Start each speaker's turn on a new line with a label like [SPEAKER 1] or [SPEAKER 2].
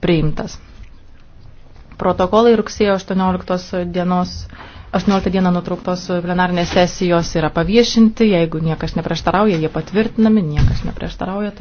[SPEAKER 1] priimtas. Protokolai rugsėjo 18 dienos 18 dieną nutrauktos plenarinės sesijos yra paviešinti, jeigu niekas neprieštarauja, jie
[SPEAKER 2] patvirtinami, niekas neprieštarauja. Tai